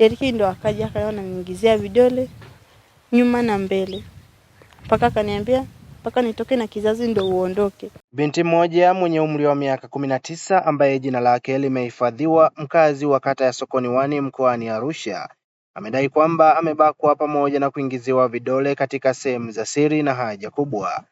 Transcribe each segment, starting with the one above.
Deriki ndo akaja akaona niingizia vidole nyuma na mbele, mpaka akaniambia mpaka nitoke na kizazi ndo uondoke. Binti mmoja mwenye umri wa miaka kumi na tisa ambaye jina lake limehifadhiwa, mkazi wa kata ya Sokoni One mkoani Arusha, amedai kwamba amebakwa pamoja na kuingiziwa vidole katika sehemu za siri na haja kubwa.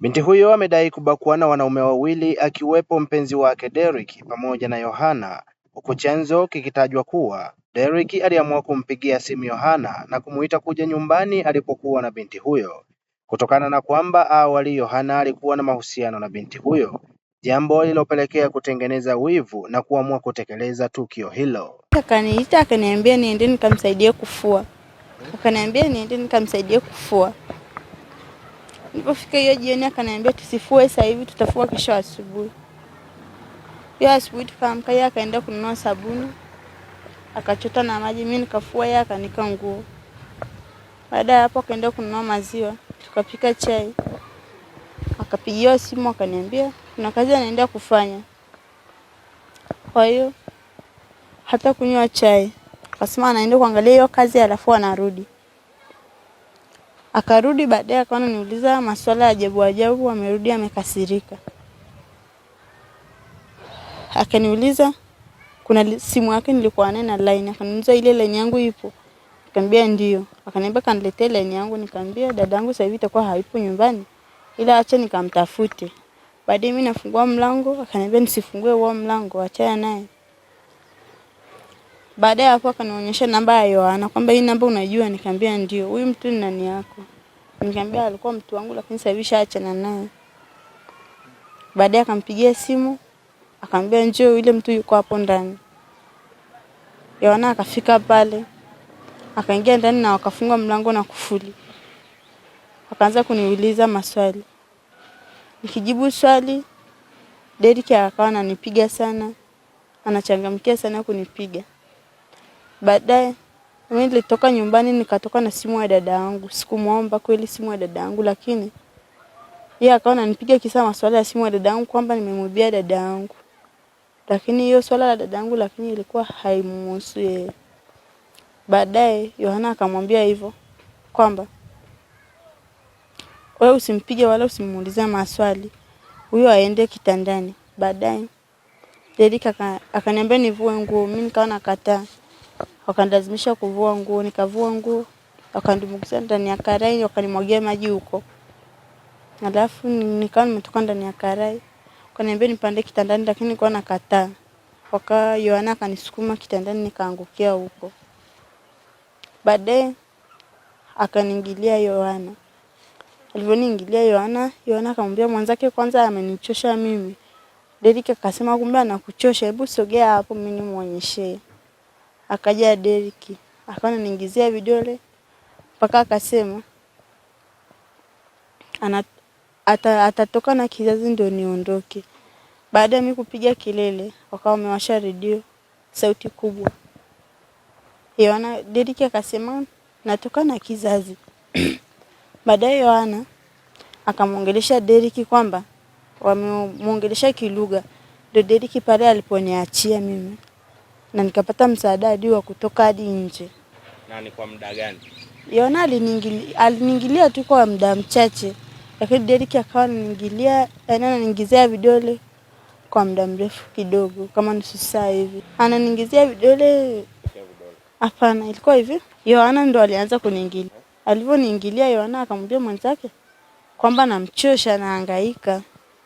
Binti huyo amedai kubakwa na wanaume wawili akiwepo mpenzi wake Derrick pamoja na Yohana, huku chanzo kikitajwa kuwa Derrick aliamua kumpigia simu Yohana na kumuita kuja nyumbani alipokuwa na binti huyo, kutokana na kwamba awali Yohana alikuwa na mahusiano na binti huyo, jambo lililopelekea kutengeneza wivu na kuamua kutekeleza tukio hilo. Akaniita akaniambia niende nikamsaidie kufua, akaniambia niende nikamsaidie kufua. Nilipofika hiyo jioni, akaniambia tusifue sasa hivi, tutafua kesho asubuhi. Hiyo asubuhi tukaamka, yeye akaenda kununua sabuni akachota na maji, mimi nikafua, yeye akanika nguo. Baada ya hapo akaenda kununua maziwa, tukapika chai. Akapigiwa simu akaniambia kuna kazi anaenda kufanya, kwa hiyo hata kunywa chai. Akasema anaenda kuangalia hiyo kazi, alafu anarudi. Akarudi baadaye akaona niuliza maswala ya ajabu ajabu, amerudi amekasirika, akaniuliza kuna simu yake nilikuwa naye na line, akaniuliza ile line yangu ipo, nikamwambia ndio. Akaniambia kaniletee line yangu, nikamwambia dadangu sasa hivi itakuwa haipo nyumbani, ila acha nikamtafute. Baadaye mimi nafungua mlango, akaniambia nisifungue huo mlango, achana naye. Baadaye hapo akanionyesha namba ya Yohana kwamba hii namba unajua, nikamwambia ndio. Huyu mtu ni nani yako? Nikamwambia alikuwa mtu wangu, lakini sasa hivi shaachana naye. Baadaye akampigia simu Akamwambia njoo, yule mtu yuko hapo ndani. Yohana akafika pale, akaingia ndani na wakafunga mlango na kufuli. akaanza kuniuliza maswali, nikijibu swali Derrick akawa ananipiga sana, anachangamkia sana kunipiga. Baadaye mimi nilitoka nyumbani nikatoka na simu ya dada yangu. Sikumwomba kweli simu ya dada yangu, lakini yeye akawa ananipiga kisa maswali ya simu ya dada yangu kwamba nimemwibia dada yangu. Lakini hiyo swala la dadangu, lakini ilikuwa haimuhusu yeye. Baadaye Yohana akamwambia hivyo kwamba wewe usimpige wala usimuulize maswali, huyo aende kitandani. Baadaye Derrick akaniambia nivue nguo, mimi nikawa nakataa, wakanilazimisha kuvua nguo, nikavua nguo, wakanitumbukiza ndani ya karai, wakanimwagia maji huko, alafu nikawa nimetoka ndani ya karai kaniambia nipande kitandani, lakini nilikuwa nakataa. Waka Yohana akanisukuma kitandani, nikaangukia huko. Baadaye akaniingilia Yohana. Alivyoniingilia Yohana, Yohana akamwambia mwanzake, kwanza amenichosha mimi. Deriki akasema kumbe anakuchosha, hebu sogea hapo, mimi nimuonyeshe. Akaja Deriki akaona niingizia vidole mpaka akasema ana ata, atatoka na kizazi ndio niondoke. Baada ya mimi kupiga kelele, wakawa wamewasha redio sauti kubwa. Yohana Dediki akasema natoka na kizazi. Baadaye Yohana akamwongelesha Deriki kwamba wamemwongelesha kilugha, ndio Deriki pale aliponiachia mimi na nikapata msaada hadi wa kutoka hadi nje. Na ni kwa muda gani? Yohana aliningilia tu kwa muda mchache lakini Deriki akawa ananiingilia, yani ananiingizia vidole kwa muda mrefu kidogo, kama nusu saa hivi ananiingizia vidole. Hapana, ilikuwa hivi, Yohana ndo alianza kuniingilia. Alivyoniingilia Yohana akamwambia mwenzake kwamba namchosha, nahangaika.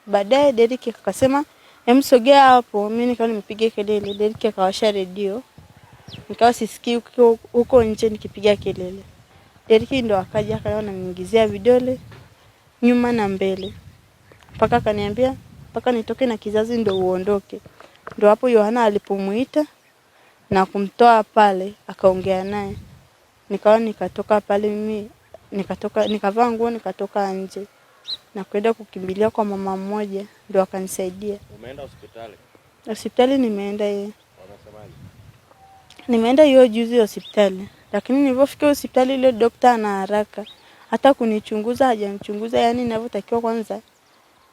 Baadaye Deriki akasema sogea hapo. Mimi nikawa nimpiga kelele, Deriki akawasha redio, nikawa sisikii huko nje nikipiga kelele. Deriki ndo akaja akaona ananiingizia vidole nyuma na mbele, mpaka akaniambia mpaka nitoke na kizazi ndo uondoke. Ndo hapo Yohana alipomuita na kumtoa pale, akaongea naye, nikawa nikatoka pale mimi nikatoka nikavaa nguo nikatoka nje na kwenda kukimbilia kwa mama mmoja, ndo akanisaidia. Umeenda hospitali? Hospitali nimeenda ye, nimeenda hiyo juzi hospitali, lakini nilipofika hospitali ile dokta ana haraka hata kunichunguza hajanichunguza, yani ninavyotakiwa. Kwanza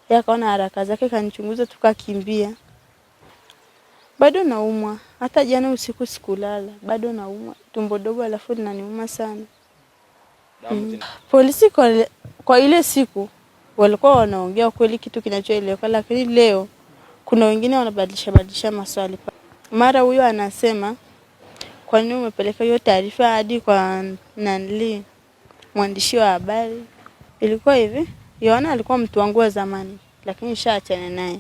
yeye akaona haraka zake kanichunguza, tukakimbia. Bado naumwa, hata jana usiku sikulala, bado naumwa tumbo dogo, alafu linaniuma sana mm. Polisi kwa, kwa ile siku walikuwa wanaongea kweli kitu kinachoeleweka, lakini leo kuna wengine wanabadilisha badilisha maswali. Mara huyo anasema kwa nini umepeleka hiyo taarifa hadi kwa nanlii mwandishi wa habari. Ilikuwa hivi, Yohana alikuwa mtu wangu wa zamani, lakini shaachana naye.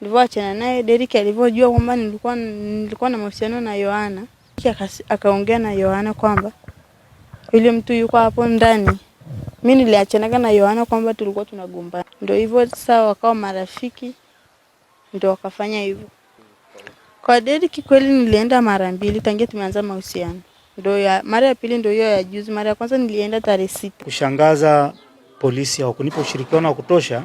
Nilivyoachana naye, Deriki alivyojua kwamba nilikuwa nilikuwa na mahusiano na Yohana, akaongea na Yohana kwamba yule mtu yuko hapo ndani. Mi niliachanaga na Yohana kwamba tulikuwa tunagombana, ndio hivyo sasa, wakawa marafiki, ndio wakafanya hivyo. Kwa Deriki kweli nilienda mara mbili tangia tumeanza mahusiano ndo ya mara ya pili, ndo hiyo ya juzi. Mara ya kwanza nilienda tarehe sita. Kushangaza, polisi hawakunipa ushirikiano wa kutosha.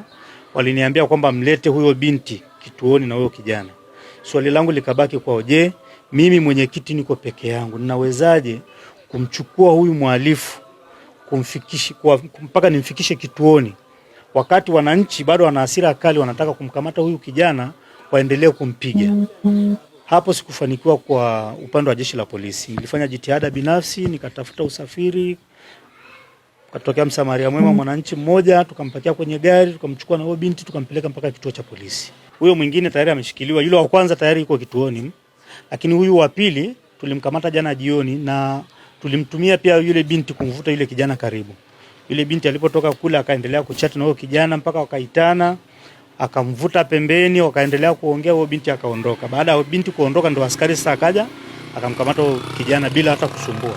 Waliniambia kwamba mlete huyo binti kituoni na huyo kijana. Swali langu likabaki kwao, je, mimi mwenyekiti niko peke yangu, ninawezaje kumchukua huyu mhalifu mpaka nimfikishe kituoni, wakati wananchi bado wana hasira kali, wanataka kumkamata huyu kijana waendelee kumpiga. Hapo sikufanikiwa kwa upande wa jeshi la polisi. Nilifanya jitihada binafsi, nikatafuta usafiri, katokea msamaria mwema, mm. mwananchi mmoja, tukampakia kwenye gari, tukamchukua na huyo binti, tukampeleka mpaka kituo cha polisi. Huyo mwingine tayari ameshikiliwa, yule wa kwanza tayari yuko kituoni, lakini huyu wa pili tulimkamata jana jioni, na tulimtumia pia yule binti kumvuta yule kijana karibu. Yule binti alipotoka kule akaendelea kuchat na huyo kijana mpaka wakaitana akamvuta pembeni, wakaendelea kuongea, huyo binti akaondoka. Baada ya binti kuondoka, ndo askari sasa akaja akamkamata kijana bila hata kusumbua.